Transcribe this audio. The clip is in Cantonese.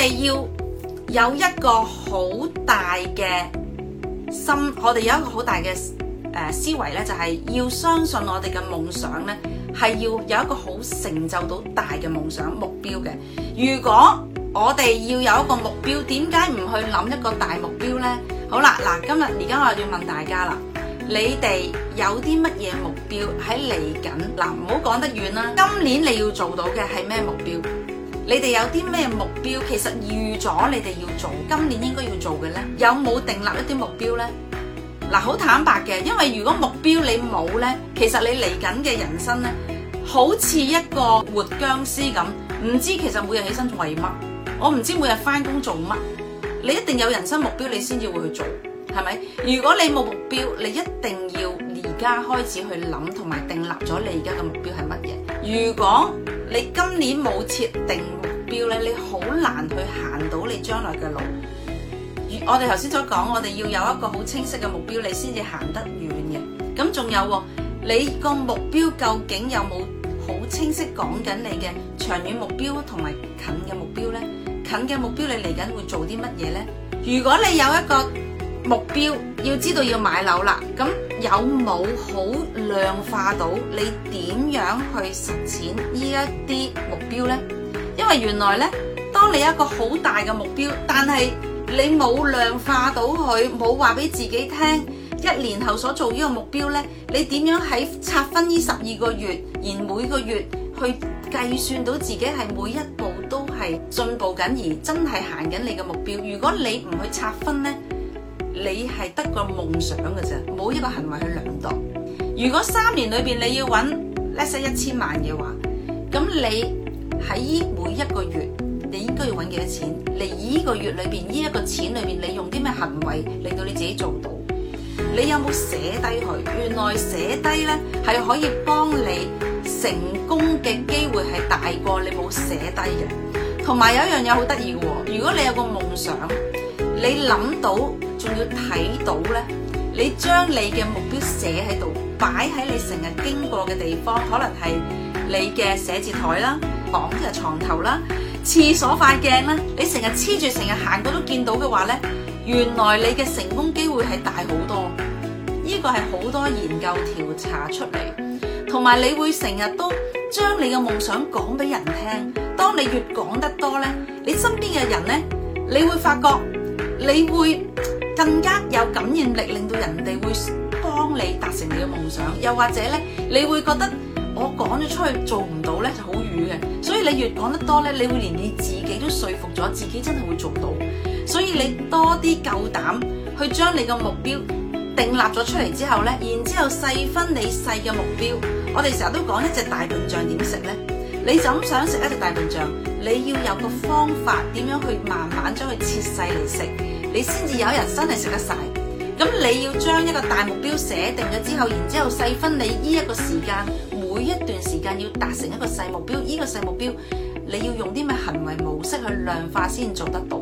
我哋要有一個好大嘅心，我哋有一個好大嘅誒思維咧，就係要相信我哋嘅夢想咧，係要有一個好成就到大嘅夢想目標嘅。如果我哋要有一個目標，點解唔去諗一個大目標咧？好啦，嗱，今日而家我要問大家啦，你哋有啲乜嘢目標喺嚟緊？嗱，唔好講得遠啦，今年你要做到嘅係咩目標？你哋有啲咩目標？其實預咗你哋要做，今年應該要做嘅呢？有冇訂立一啲目標呢？嗱，好坦白嘅，因為如果目標你冇呢，其實你嚟緊嘅人生呢，好似一個活僵屍咁，唔知其實每日起身做為乜，我唔知每日翻工做乜。你一定有人生目標，你先至會去做，係咪？如果你冇目標，你一定要。而家開始去諗同埋定立咗你而家嘅目標係乜嘢？如果你今年冇設定目標咧，你好難去行到你將來嘅路。我哋頭先所講，我哋要有一個好清晰嘅目標，你先至行得遠嘅。咁仲有，你個目標究竟有冇好清晰講緊你嘅長遠目標同埋近嘅目標呢？近嘅目標你嚟緊會做啲乜嘢呢？如果你有一個目標要知道要買樓啦，咁有冇好量化到你點樣去實踐呢一啲目標呢？因為原來呢，當你有一個好大嘅目標，但係你冇量化到佢，冇話俾自己聽，一年後所做呢個目標呢，你點樣喺拆分呢十二個月，而每個月去計算到自己係每一步都係進步緊，而真係行緊你嘅目標。如果你唔去拆分呢，你係得個夢想嘅啫，冇一個行為去量度。如果三年裏邊你要揾 let's say 一千萬嘅話，咁你喺每一個月，你應該要揾幾多錢？你呢個月裏邊呢一個錢裏邊，你用啲咩行為令到你自己做到？你有冇寫低佢？原來寫低呢係可以幫你成功嘅機會係大過你冇寫低嘅。同埋有，有一樣嘢好得意嘅，如果你有個夢想，你諗到。仲要睇到咧，你將你嘅目標寫喺度，擺喺你成日經過嘅地方，可能係你嘅寫字台啦、房嘅床頭啦、廁所塊鏡啦，你成日黐住，成日行過都見到嘅話咧，原來你嘅成功機會係大好多。呢個係好多研究調查出嚟，同埋你會成日都將你嘅夢想講俾人聽。當你越講得多咧，你身邊嘅人咧，你會發覺你會。更加有感染力，令到人哋會幫你達成你嘅夢想，又或者咧，你會覺得我講咗出去做唔到咧就好瘀嘅，所以你越講得多咧，你會連你自己都說服咗自，自己真係會做到，所以你多啲夠膽去將你嘅目標訂立咗出嚟之後咧，然之後細分你細嘅目標，我哋成日都講一隻大笨象點食咧，你就咁想食一隻大笨象，你要有個方法點樣去慢慢將佢切細嚟食。你先至有人真係食得晒，咁你要將一個大目標寫定咗之後，然之後細分你呢一個時間，每一段時間要達成一個細目標，呢個細目標你要用啲咩行為模式去量化先做得到。